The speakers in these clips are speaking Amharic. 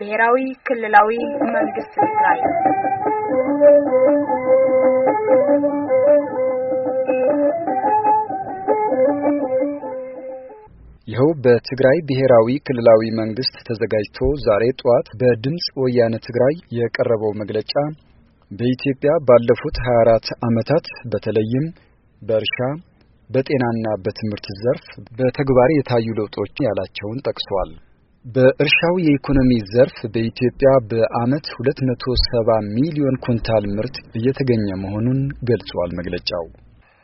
ብሔራዊ ክልላዊ መንግስት ላይ ይኸው በትግራይ ብሔራዊ ክልላዊ መንግስት ተዘጋጅቶ ዛሬ ጠዋት በድምፅ ወያነ ትግራይ የቀረበው መግለጫ በኢትዮጵያ ባለፉት 24 ዓመታት በተለይም በእርሻ በጤናና በትምህርት ዘርፍ በተግባር የታዩ ለውጦች ያላቸውን ጠቅሷል። በእርሻው የኢኮኖሚ ዘርፍ በኢትዮጵያ በዓመት 270 ሚሊዮን ኩንታል ምርት እየተገኘ መሆኑን ገልጿል። መግለጫው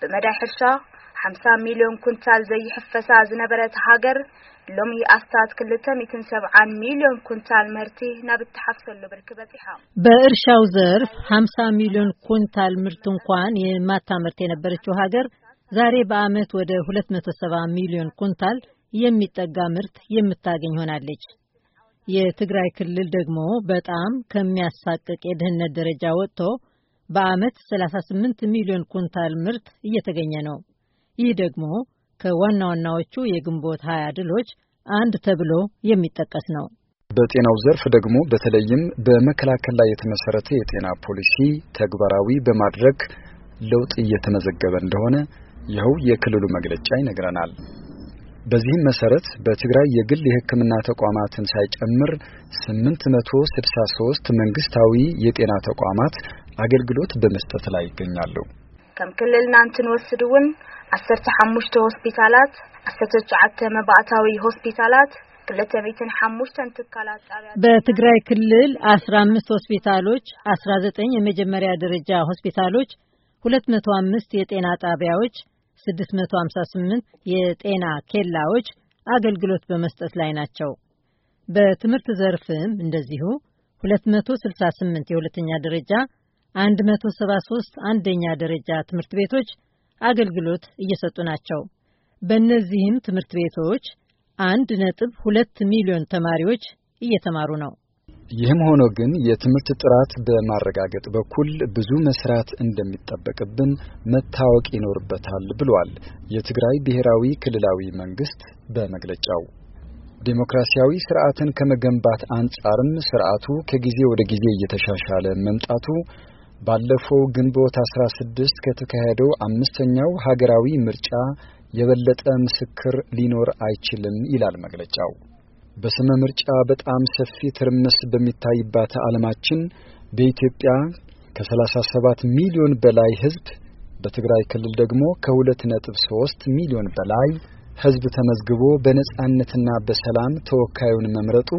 ብመዳይ ሕርሻ 50 ሚሊዮን ኩንታል ዘይሕፈሳ ዝነበረት ሃገር ሎሚ ኣስታት 270 ሚሊዮን ኩንታል ምህርቲ ናብ እትሓፍሰሉ ብርኪ በፂሓ በእርሻው ዘርፍ 50 ሚሊዮን ኩንታል ምርት እንኳን የማታመርት የነበረችው ሀገር ዛሬ በዓመት ወደ 270 ሚሊዮን ኩንታል የሚጠጋ ምርት የምታገኝ ሆናለች። የትግራይ ክልል ደግሞ በጣም ከሚያሳቅቅ የድህነት ደረጃ ወጥቶ በዓመት 38 ሚሊዮን ኩንታል ምርት እየተገኘ ነው። ይህ ደግሞ ከዋና ዋናዎቹ የግንቦት 20 ድሎች አንድ ተብሎ የሚጠቀስ ነው። በጤናው ዘርፍ ደግሞ በተለይም በመከላከል ላይ የተመሰረተ የጤና ፖሊሲ ተግባራዊ በማድረግ ለውጥ እየተመዘገበ እንደሆነ ይኸው የክልሉ መግለጫ ይነግረናል። በዚህም መሰረት በትግራይ የግል የሕክምና ተቋማትን ሳይጨምር 863 መንግስታዊ የጤና ተቋማት አገልግሎት በመስጠት ላይ ይገኛሉ። ከም ክልልና እንትንወስድ እውን 15 ሆስፒታላት 19 መባእታዊ ሆስፒታላት በትግራይ ክልል 15 ሆስፒታሎች፣ 19 የመጀመሪያ ደረጃ ሆስፒታሎች፣ 205 የጤና ጣቢያዎች 658 የጤና ኬላዎች አገልግሎት በመስጠት ላይ ናቸው። በትምህርት ዘርፍም እንደዚሁ 268 የሁለተኛ ደረጃ፣ 173 አንደኛ ደረጃ ትምህርት ቤቶች አገልግሎት እየሰጡ ናቸው። በእነዚህም ትምህርት ቤቶች 1.2 ሚሊዮን ተማሪዎች እየተማሩ ነው። ይህም ሆኖ ግን የትምህርት ጥራት በማረጋገጥ በኩል ብዙ መስራት እንደሚጠበቅብን መታወቅ ይኖርበታል ብሏል የትግራይ ብሔራዊ ክልላዊ መንግስት በመግለጫው። ዴሞክራሲያዊ ስርዓትን ከመገንባት አንጻርም ስርዓቱ ከጊዜ ወደ ጊዜ እየተሻሻለ መምጣቱ ባለፈው ግንቦት 16 ከተካሄደው አምስተኛው ሀገራዊ ምርጫ የበለጠ ምስክር ሊኖር አይችልም ይላል መግለጫው። በስመ ምርጫ በጣም ሰፊ ትርምስ በሚታይባት ዓለማችን በኢትዮጵያ ከ37 ሚሊዮን በላይ ህዝብ በትግራይ ክልል ደግሞ ከ2.3 ሚሊዮን በላይ ህዝብ ተመዝግቦ በነጻነትና በሰላም ተወካዩን መምረጡ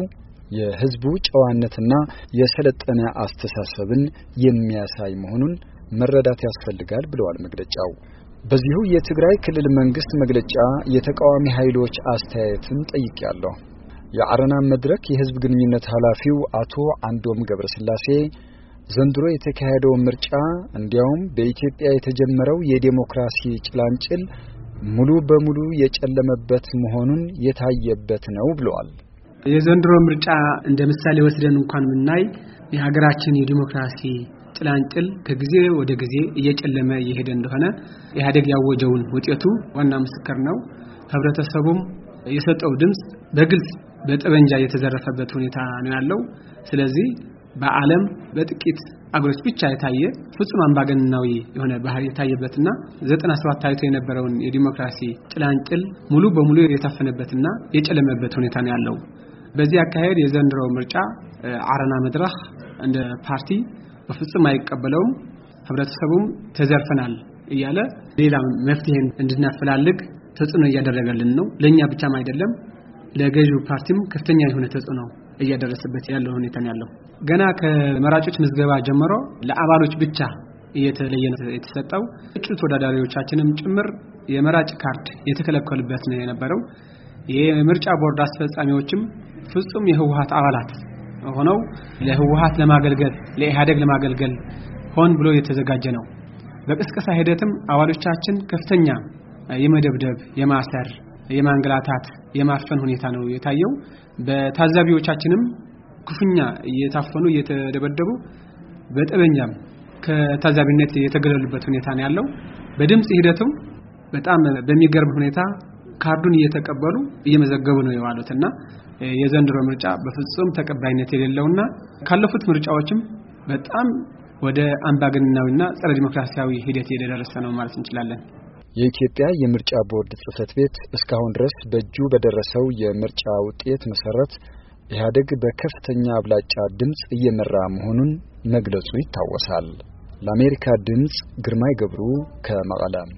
የህዝቡ ጨዋነትና የሰለጠነ አስተሳሰብን የሚያሳይ መሆኑን መረዳት ያስፈልጋል ብለዋል መግለጫው። በዚሁ የትግራይ ክልል መንግስት መግለጫ የተቃዋሚ ኃይሎች አስተያየትን ጠይቄያለሁ። የአረና መድረክ የህዝብ ግንኙነት ኃላፊው አቶ አንዶም ገብረስላሴ ዘንድሮ የተካሄደው ምርጫ እንዲያውም በኢትዮጵያ የተጀመረው የዴሞክራሲ ጭላንጭል ሙሉ በሙሉ የጨለመበት መሆኑን የታየበት ነው ብለዋል። የዘንድሮ ምርጫ እንደ ምሳሌ ወስደን እንኳን ምናይ የሀገራችን የዲሞክራሲ ጭላንጭል ከጊዜ ወደ ጊዜ እየጨለመ እየሄደ እንደሆነ ኢህአዴግ ያወጀውን ውጤቱ ዋና ምስክር ነው። ህብረተሰቡም የሰጠው ድምፅ በግልጽ በጠበንጃ የተዘረፈበት ሁኔታ ነው ያለው። ስለዚህ በዓለም በጥቂት አገሮች ብቻ የታየ ፍጹም አምባገነናዊ የሆነ ባህሪ የታየበትና 97 ታይቶ የነበረውን የዲሞክራሲ ጭላንጭል ሙሉ በሙሉ የታፈነበትና የጨለመበት ሁኔታ ነው ያለው። በዚህ አካሄድ የዘንድሮው ምርጫ አረና መድረክ እንደ ፓርቲ በፍጹም አይቀበለውም። ህብረተሰቡም ተዘርፈናል እያለ ሌላ መፍትሄን እንድናፈላልግ ተጽዕኖ እያደረገልን ነው። ለእኛ ብቻም አይደለም ለገዢው ፓርቲም ከፍተኛ የሆነ ተጽዕኖ እያደረሰበት ያለው ሁኔታ ያለው። ገና ከመራጮች ምዝገባ ጀምሮ ለአባሎች ብቻ እየተለየ የተሰጠው እጩ ተወዳዳሪዎቻችንም ጭምር የመራጭ ካርድ የተከለከሉበት ነው የነበረው። የምርጫ ቦርድ አስፈጻሚዎችም ፍጹም የህወሀት አባላት ሆነው ለህወሀት ለማገልገል ለኢህአደግ ለማገልገል ሆን ብሎ የተዘጋጀ ነው። በቅስቀሳ ሂደትም አባሎቻችን ከፍተኛ የመደብደብ የማሰር የማንገላታት የማፈን ሁኔታ ነው የታየው። በታዛቢዎቻችንም ክፉኛ እየታፈኑ እየተደበደቡ በጠበኛም ከታዛቢነት የተገለሉበት ሁኔታ ነው ያለው። በድምፅ ሂደቱም በጣም በሚገርም ሁኔታ ካርዱን እየተቀበሉ እየመዘገቡ ነው የዋሉት እና የዘንድሮ ምርጫ በፍጹም ተቀባይነት የሌለውና ካለፉት ምርጫዎችም በጣም ወደ አምባገነናዊና ጸረ ዲሞክራሲያዊ ሂደት እየደረሰ ነው ማለት እንችላለን። የኢትዮጵያ የምርጫ ቦርድ ጽህፈት ቤት እስካሁን ድረስ በእጁ በደረሰው የምርጫ ውጤት መሰረት ኢህአደግ በከፍተኛ አብላጫ ድምፅ እየመራ መሆኑን መግለጹ ይታወሳል። ለአሜሪካ ድምፅ ግርማይ ገብሩ ከመቀለም